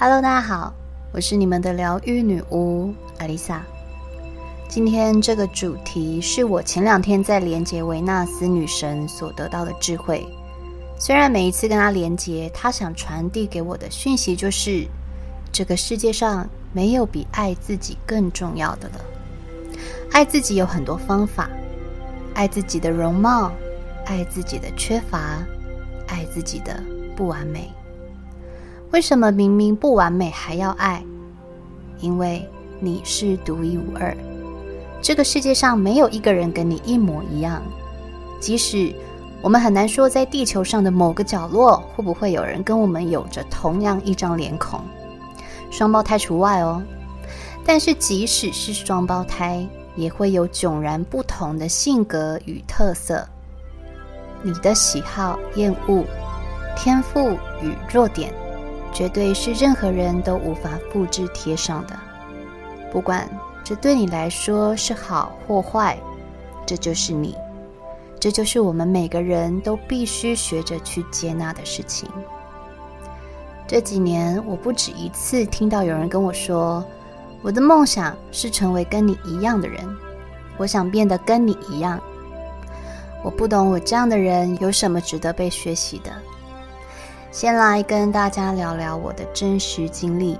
哈嘍，Hello, 大家好，我是你們的療癒女巫艾麗莎。今天這個主題是我前兩天在連結維納斯女神所得到的智慧。雖然每一次跟她連結，她想傳遞給我的訊息就是：這個世界上沒有比愛自己更重要的了。愛自己有很多方法，愛自己的容貌，愛自己的缺乏，愛自己的不完美。為什麼明明不完美還要愛？因為你是獨一無二。這個世界上沒有一個人跟你一模一樣。即使我們很難說，在地球上的某個角落會不會有人跟我們有着同樣一張臉孔，雙胞胎除外哦。但是即使是雙胞胎，也會有迥然不同的性格與特色。你的喜好、厭惡、天賦與弱點。絕對是任何人都無法複製貼上的。不管這對你來說是好或壞，這就是你，這就是我們每個人都必須學着去接納的事情。這幾年，我不止一次聽到有人跟我說：“我的夢想是成為跟你一樣的人，我想變得跟你一樣。”我不懂，我這樣的人有什麼值得被學習的？先來跟大家聊聊我的真實經歷。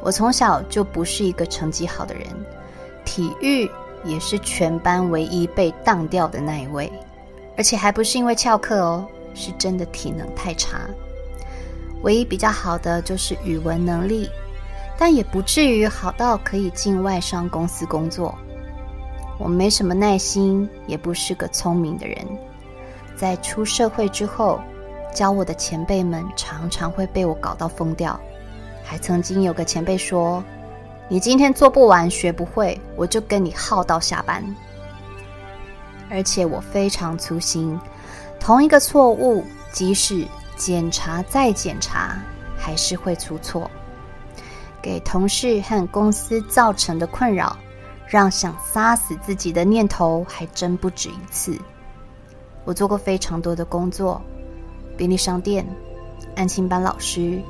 我從小就不是一個成績好的人，體育也是全班唯一被當掉的那一位，而且還不是因為翹課哦，是真的體能太差。唯一比較好的就是語文能力，但也不至於好到可以進外商公司工作。我沒什麼耐心，也不是個聰明的人。在出社會之後，教我的前輩們常常會被我搞到瘋掉，還曾經有個前輩說：“你今天做不完、學不會，我就跟你耗到下班。”而且我非常粗心，同一個錯誤即使檢查再檢查，還是會出錯，給同事和公司造成的困擾，讓想殺死自己的念頭還真不止一次。我做過非常多的工作。便利商店、安親班老師、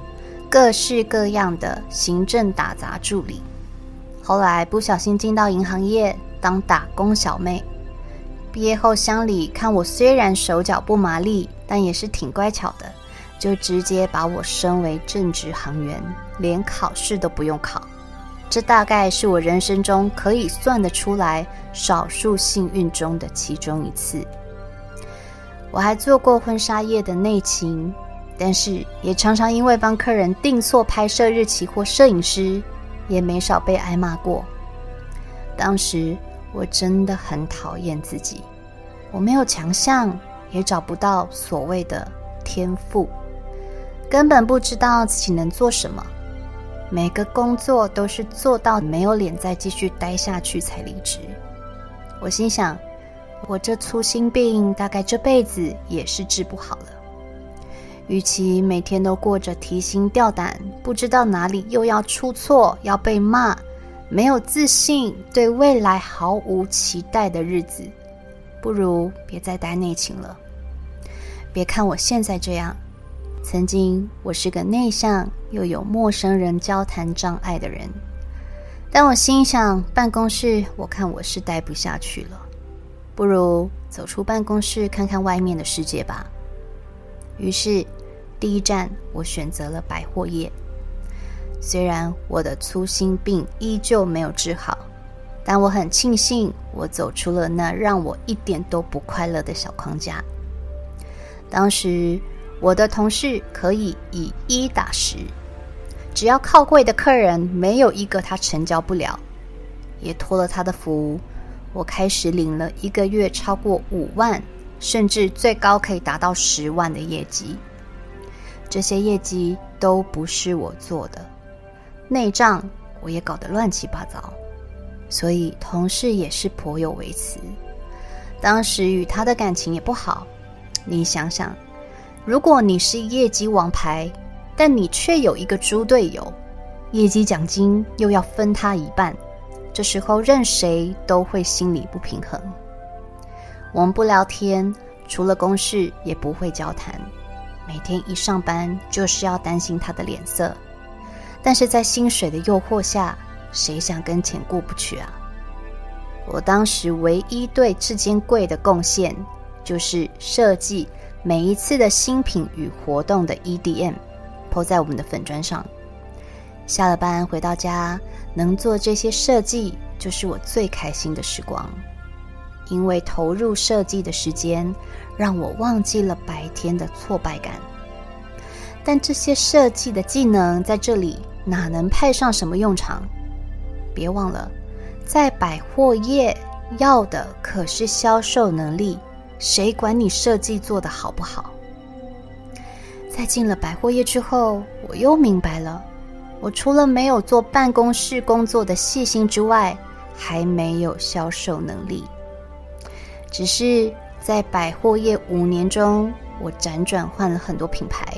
各式各樣的行政打雜助理，後來不小心進到銀行業當打工小妹。畢業後襄理看我雖然手腳不麻利，但也是挺乖巧的，就直接把我升為正職行員，連考試都不用考。這大概是我人生中可以算得出來少數幸運中的其中一次。我還做過婚紗業的內勤，但是也常常因為幫客人訂錯拍攝日期或攝影師，也沒少被挨罵過。當時我真的很討厭自己，我沒有強項，也找不到所謂的天賦，根本不知道自己能做什麼。每個工作都是做到沒有臉再繼續待下去才離職。我心想，我這粗心病大概這輩子也是治不好了。與其每天都過着提心吊膽、不知道哪裡又要出錯、要被罵、沒有自信、對未來毫無期待的日子，不如別再待內勤了。別看我現在這樣，曾經我是個內向又有陌生人交談障礙的人，但我心想，辦公室我看我是待不下去了。不如走出辦公室看看外面的世界吧。於是，第一站我選擇了百貨業。雖然我的粗心病依舊沒有治好，但我很慶幸我走出了那讓我一點都不快樂的小框架。當時我的同事可以以一打十，只要靠櫃的客人沒有一個他成交不了，也托了他的福。我開始領了一個月超過五萬，甚至最高可以達到十萬的業績。這些業績都不是我做的，內賬我也搞得亂七八糟，所以同事也是頗有微詞。當時與他的感情也不好。你想想，如果你是業績王牌，但你卻有一個豬隊友，業績獎金又要分他一半。這時候，任誰都會心裡不平衡。我們不聊天，除了公事也不會交談。每天一上班，就是要擔心他的臉色。但是在薪水的誘惑下，誰想跟錢過不去啊？我當時唯一對這間櫃的貢獻，就是設計每一次的新品與活動的 EDM，PO 在我們的粉專上。下了班回到家。能做這些設計，就是我最開心的時光，因為投入設計的時間，讓我忘記了白天的挫敗感。但這些設計的技能在這裡哪能派上什麼用場？別忘了，在百貨業要的可是銷售能力，誰管你設計做的好不好？在進了百貨業之後，我又明白了。我除了沒有做辦公室工作的細心之外，還沒有銷售能力。只是在百貨業五年中，我輾轉換了很多品牌，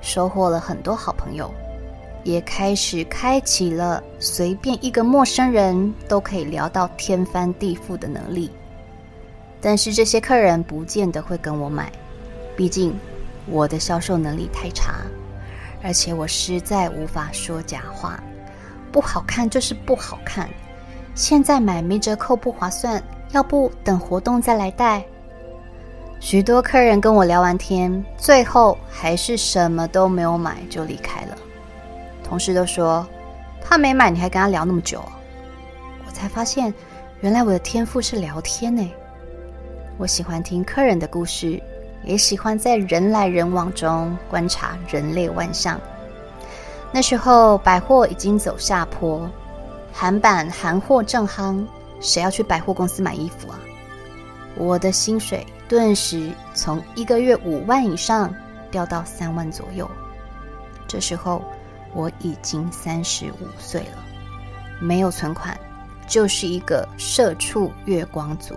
收穫了很多好朋友，也開始開啟了隨便一個陌生人都可以聊到天翻地覆的能力。但是這些客人不見得會跟我買，畢竟我的銷售能力太差。而且我實在無法說假話，不好看就是不好看。現在買沒折扣不划算，要不等活動再來帶。許多客人跟我聊完天，最後還是什麼都沒有買就離開了。同事都說，他沒買你還跟他聊那麼久。我才發現，原來我的天賦是聊天呢、欸。我喜歡聽客人的故事。也喜歡在人來人往中觀察人類萬象。那時候百貨已經走下坡，韓版韓貨正夯，誰要去百貨公司買衣服啊？我的薪水頓時從一個月五萬以上掉到三萬左右。這時候我已經三十五歲了，沒有存款，就是一個社畜月光族。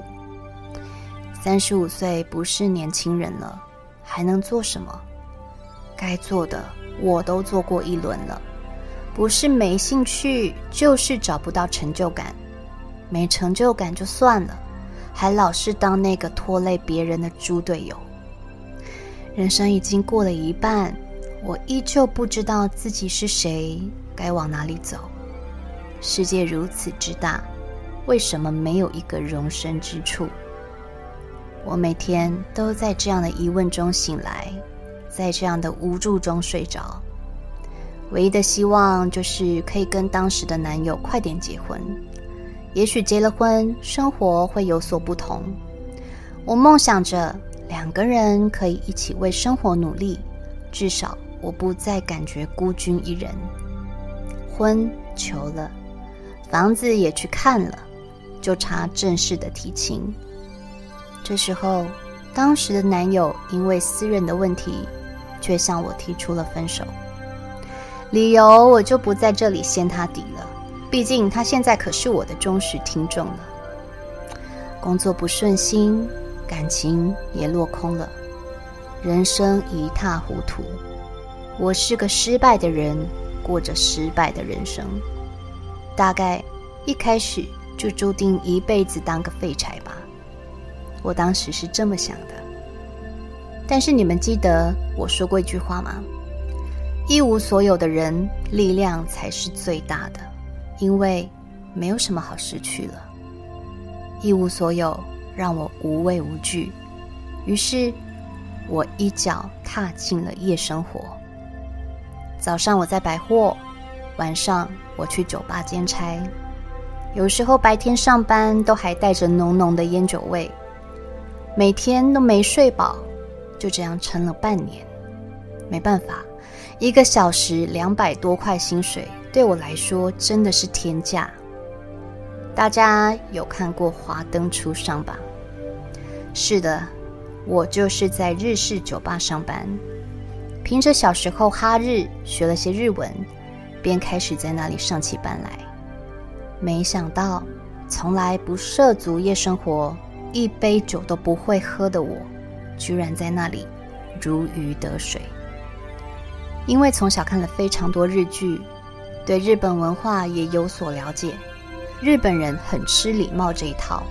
三十五歲不是年輕人了，還能做什麼？該做的我都做過一輪了，不是沒興趣，就是找不到成就感。沒成就感就算了，還老是當那個拖累別人的豬隊友。人生已經過了一半，我依舊不知道自己是誰，該往哪裡走。世界如此之大，為什麼沒有一個容身之處？我每天都在這樣的疑問中醒來，在這樣的無助中睡着。唯一的希望就是可以跟當時的男友快點結婚，也許結了婚，生活會有所不同。我夢想着兩個人可以一起為生活努力，至少我不再感覺孤軍一人。婚求了，房子也去看了，就差正式的提親。這時候，當時的男友因為私人的問題，卻向我提出了分手。理由我就不在這裡掀他底了，畢竟他現在可是我的忠實聽眾了。工作不順心，感情也落空了，人生一塌糊塗。我是個失敗的人，過着失敗的人生，大概一開始就注定一輩子當個廢柴吧。我當時是這麼想的，但是你們記得我說過一句話嗎？一無所有的人，力量才是最大的，因為沒有什麼好失去了。一無所有讓我無畏無懼，於是我一腳踏進了夜生活。早上我在百貨，晚上我去酒吧兼差，有時候白天上班都還帶着濃濃的煙酒味。每天都沒睡飽，就這樣撐了半年。沒辦法，一個小時兩百多塊薪水，對我來說真的是天價。大家有看過《華燈初上》吧？是的，我就是在日式酒吧上班，憑着小時候哈日學了些日文，便開始在那裡上起班來。沒想到，從來不涉足夜生活。一杯酒都不會喝的我，居然在那裡如魚得水。因為從小看了非常多日劇，對日本文化也有所了解。日本人很吃禮貌這一套，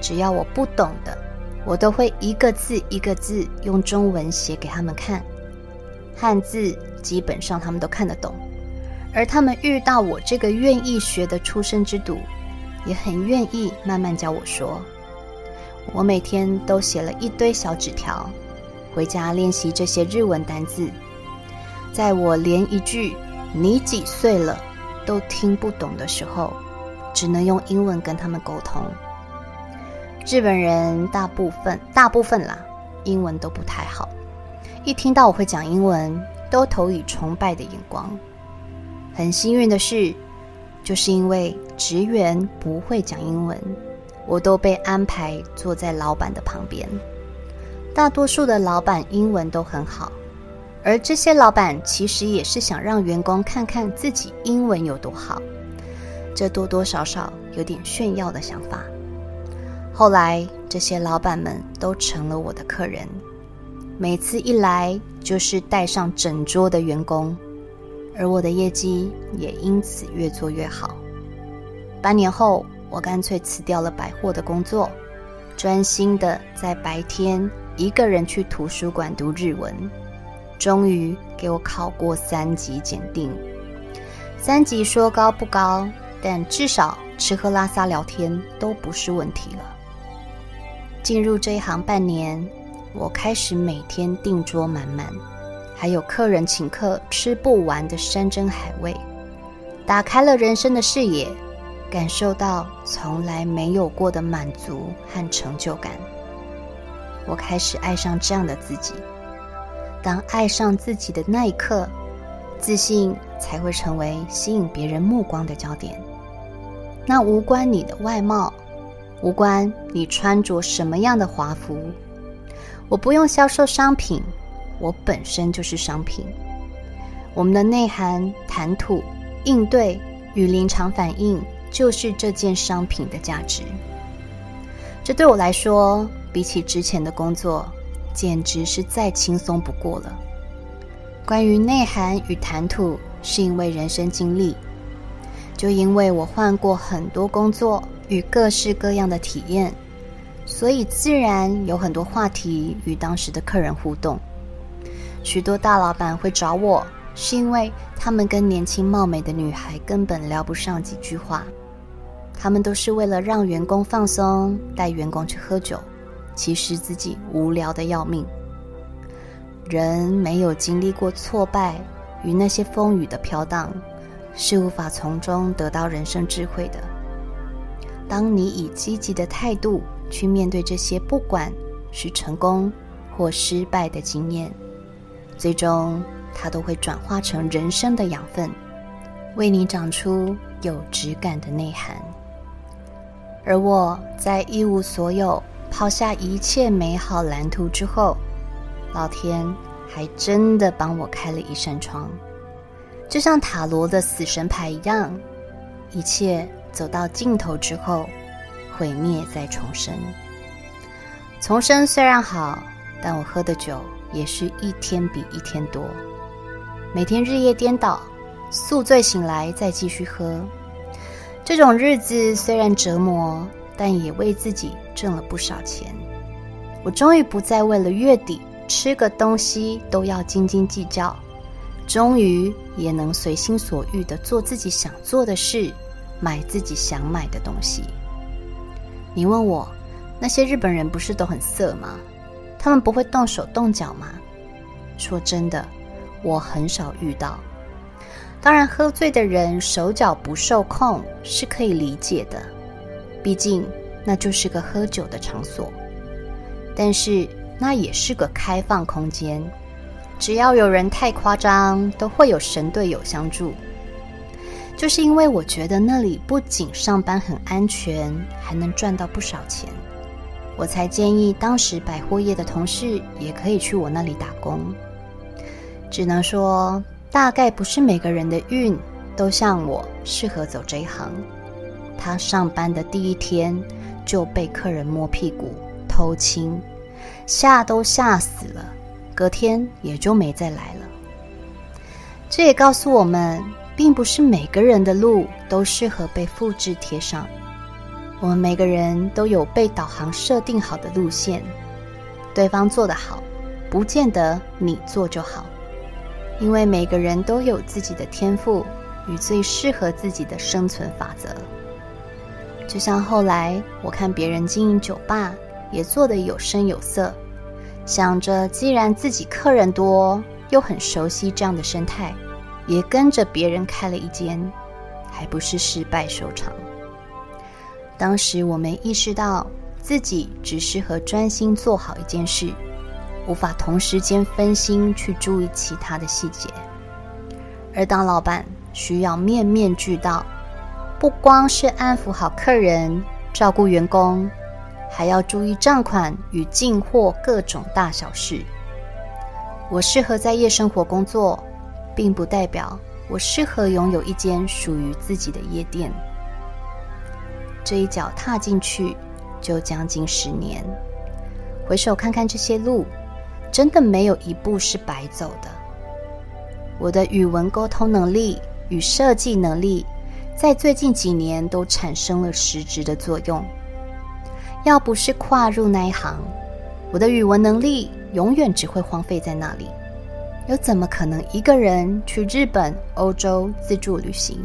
只要我不懂的，我都會一個字一個字用中文寫給他們看。漢字基本上他們都看得懂，而他們遇到我這個願意學的初生之犢，也很願意慢慢教我說。我每天都寫了一堆小紙條，回家練習這些日文單字。在我連一句“你幾歲了”都聽不懂的時候，只能用英文跟他們溝通。日本人大部分，大部分啦，英文都不太好。一聽到我會講英文，都投以崇拜的眼光。很幸運的是，就是因為職員不會講英文，我都被安排坐在老闆的旁邊，大多數的老闆英文都很好，而這些老闆其實也是想讓員工看看自己英文有多好，這多多少少有點炫耀的想法。後來，這些老闆們都成了我的客人，每次一來就是帶上整桌的員工，而我的業績也因此越做越好。半年後。我乾脆辭掉了百貨的工作，專心的在白天一個人去圖書館讀日文，終於給我考過三級檢定。三級說高不高，但至少吃喝拉撒聊天都不是問題了。進入這一行半年，我開始每天訂桌滿滿，還有客人請客吃不完的山珍海味，打開了人生的視野。感受到從來沒有過的滿足和成就感。我開始愛上這樣的自己，當愛上自己的那一刻，自信才會成為吸引別人目光的焦點。那無關你的外貌，無關你穿着什麼樣的華服。我不用銷售商品，我本身就是商品。我們的內涵、談吐、應對與臨場反應。就是這件商品的價值。這對我來說，比起之前的工作，簡直是再輕鬆不過了。關於內涵與談吐，是因為人生經歷，就因為我換過很多工作與各式各樣的體驗，所以自然有很多話題與當時的客人互動。許多大老闆會找我，是因為他們跟年輕貌美的女孩根本聊不上幾句話。他們都是為了讓員工放鬆，帶員工去喝酒，其實自己無聊得要命。人沒有經歷過挫敗與那些風雨的飄蕩，是無法從中得到人生智慧的。當你以積極的態度去面對這些，不管是成功或失敗的經驗，最終它都會轉化成人生的養分，為你長出有質感的內涵。而我在一無所有、拋下一切美好藍圖之後，老天還真的幫我開了一扇窗，就像塔羅的死神牌一樣，一切走到盡頭之後，毀滅再重生。重生雖然好，但我喝的酒也是一天比一天多，每天日夜顛倒，宿醉醒來再繼續喝。這種日子雖然折磨，但也為自己掙了不少錢。我終於不再為了月底吃個東西都要斤斤計較，終於也能隨心所欲的做自己想做的事，買自己想買的東西。你問我，那些日本人不是都很色嗎？他們不會動手動腳嗎？說真的，我很少遇到。當然，喝醉的人手腳不受控是可以理解的，畢竟那就是個喝酒的場所。但是那也是個開放空間，只要有人太誇張，都會有神隊友相助。就是因為我覺得那裡不僅上班很安全，還能賺到不少錢，我才建議當時百貨業的同事也可以去我那裡打工。只能說。大概不是每個人的運都像我，適合走這一行。他上班的第一天就被客人摸屁股、偷親，嚇都嚇死了。隔天也就沒再來了。這也告訴我們，並不是每個人的路都適合被複製貼上。我們每個人都有被導航設定好的路線，對方做得好，不見得你做就好。因為每個人都有自己的天賦與最適合自己的生存法則。就像後來我看別人經營酒吧也做得有聲有色，想着既然自己客人多，又很熟悉這樣的生態，也跟着別人開了一間，還不是失敗收場。當時我沒意識到自己只適合專心做好一件事。無法同時間分心去注意其他的細節，而當老闆需要面面俱到，不光是安撫好客人、照顧員工，還要注意賬款與進貨各種大小事。我適合在夜生活工作，並不代表我適合擁有一間屬於自己的夜店。這一腳踏進去就將近十年，回首看看這些路。真的沒有一步是白走的。我的語文溝通能力與設計能力，在最近幾年都產生了實質的作用。要不是跨入那一行，我的語文能力永遠只會荒廢在那裡，又怎麼可能一個人去日本、歐洲自助旅行？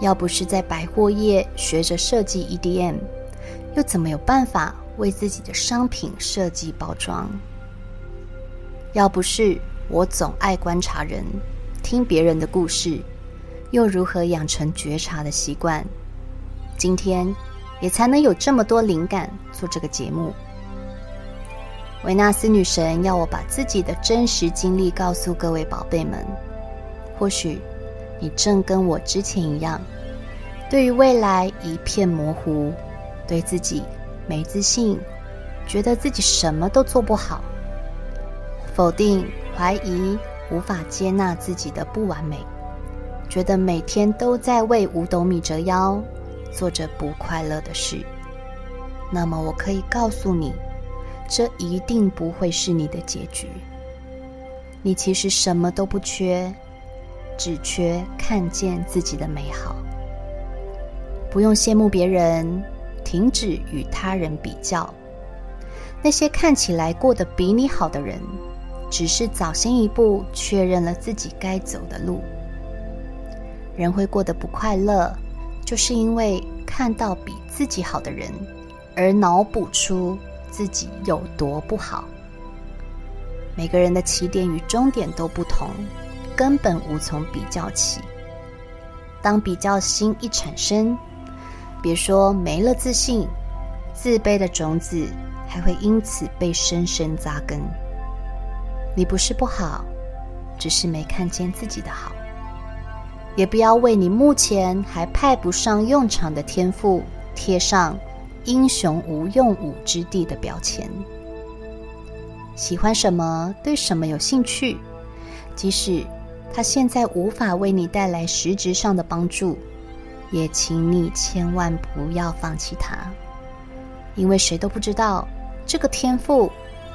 要不是在百貨業學着設計 EDM，又怎麼有辦法為自己的商品設計包裝？要不是我總愛觀察人、聽別人的故事，又如何養成覺察的習慣？今天也才能有這麼多靈感做這個節目。維納斯女神要我把自己的真實經歷告訴各位寶貝們，或許你正跟我之前一樣，對於未來一片模糊，對自己沒自信，覺得自己什麼都做不好。否定、懷疑、無法接納自己的不完美，覺得每天都在為五斗米折腰，做着不快樂的事。那麼，我可以告訴你，這一定不會是你的結局。你其實什麼都不缺，只缺看見自己的美好。不用羨慕別人，停止與他人比較，那些看起來過得比你好的人。只是早先一步確認了自己該走的路。人會過得不快樂，就是因為看到比自己好的人，而腦補出自己有多不好。每個人的起點與終點都不同，根本無從比較起。當比較心一產生，別說沒了自信，自卑的種子還會因此被深深扎根。你不是不好，只是沒看見自己的好。也不要為你目前還派不上用場的天賦貼上“英雄無用武之地”的標籤。喜歡什麼，對什麼有興趣，即使他現在無法為你帶來實質上的幫助，也請你千萬不要放棄他，因為誰都不知道這個天賦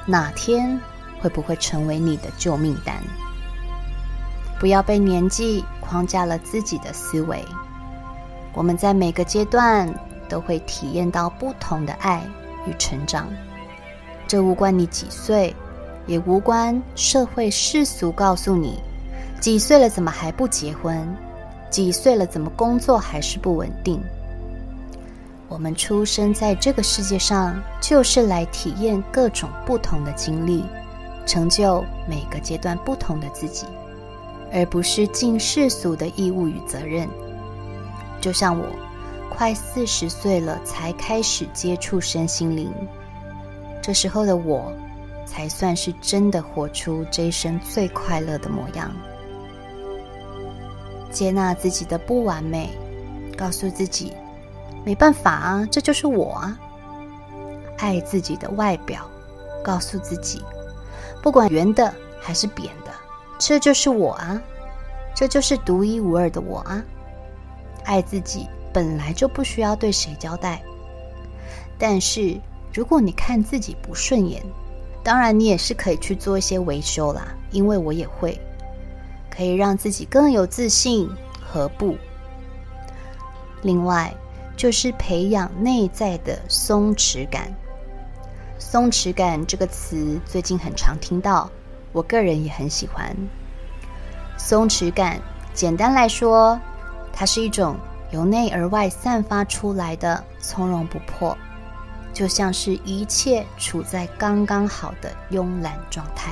哪天，會不會成為你的救命丹？不要被年紀框架了自己的思維。我們在每個階段都會體驗到不同的愛與成長，這無關你幾歲，也無關社會世俗告訴你幾歲了怎麼還不結婚，幾歲了怎麼工作還是不穩定。我們出生在這個世界上，就是來體驗各種不同的經歷。成就每個階段不同的自己，而不是盡世俗的義務與責任。就像我，快四十歲了才開始接觸身心靈，這時候的我才算是真的活出這一生最快樂的模樣。接納自己的不完美，告訴自己沒辦法啊，這就是我啊。愛自己的外表，告訴自己。不管圓的還是扁的，這就是我啊，這就是獨一無二的我啊！愛自己本來就不需要對誰交代，但是如果你看自己不順眼，當然你也是可以去做一些維修啦，因為我也會，可以讓自己更有自信和步。另外，就是培養內在的鬆弛感。鬆弛感這個詞最近很常聽到，我個人也很喜歡。鬆弛感，簡單來說，它是一種由內而外散發出來的從容不迫，就像是一切處在剛剛好的慵懶狀態，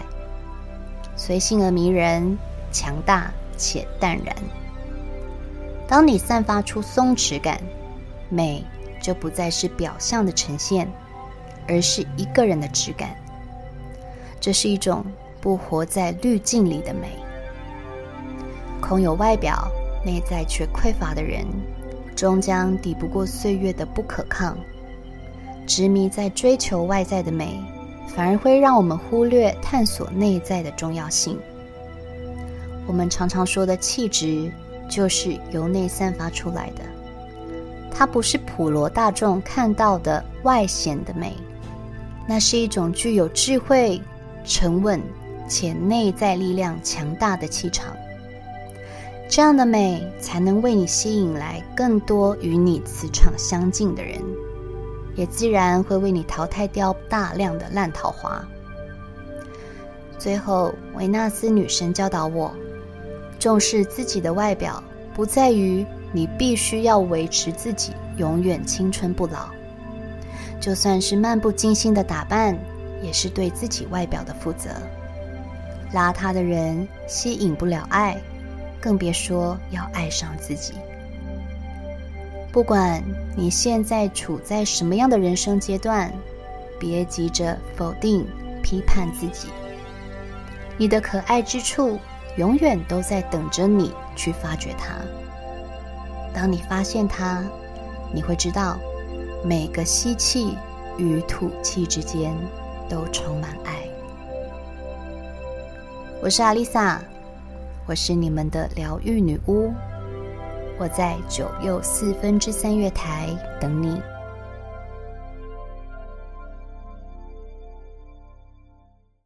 隨性而迷人，強大且淡然。當你散發出鬆弛感，美就不再是表象的呈現。而是一個人的質感，這是一種不活在濾鏡裡的美。空有外表，內在卻匱乏的人，終將抵不過歲月的不可抗。執迷在追求外在的美，反而會讓我們忽略探索內在的重要性。我們常常說的氣質，就是由內散發出來的，它不是普羅大眾看到的外顯的美。那是一種具有智慧、沉穩且內在力量強大的氣場，這樣的美才能為你吸引來更多與你磁場相近的人，也自然會為你淘汰掉大量的爛桃花。最後，維納斯女神教導我，重視自己的外表，不在於你必須要維持自己永遠青春不老。就算是漫不經心的打扮，也是對自己外表的負責。邋遢的人吸引不了愛，更別說要愛上自己。不管你現在處在什麼樣的人生階段，別急着否定、批判自己。你的可愛之處永遠都在等着你去發掘它。當你發現它，你會知道。每個吸氣與吐氣之間都充滿愛。我是阿麗薩，我是你們的療癒女巫，我在九又四分之三月台等你。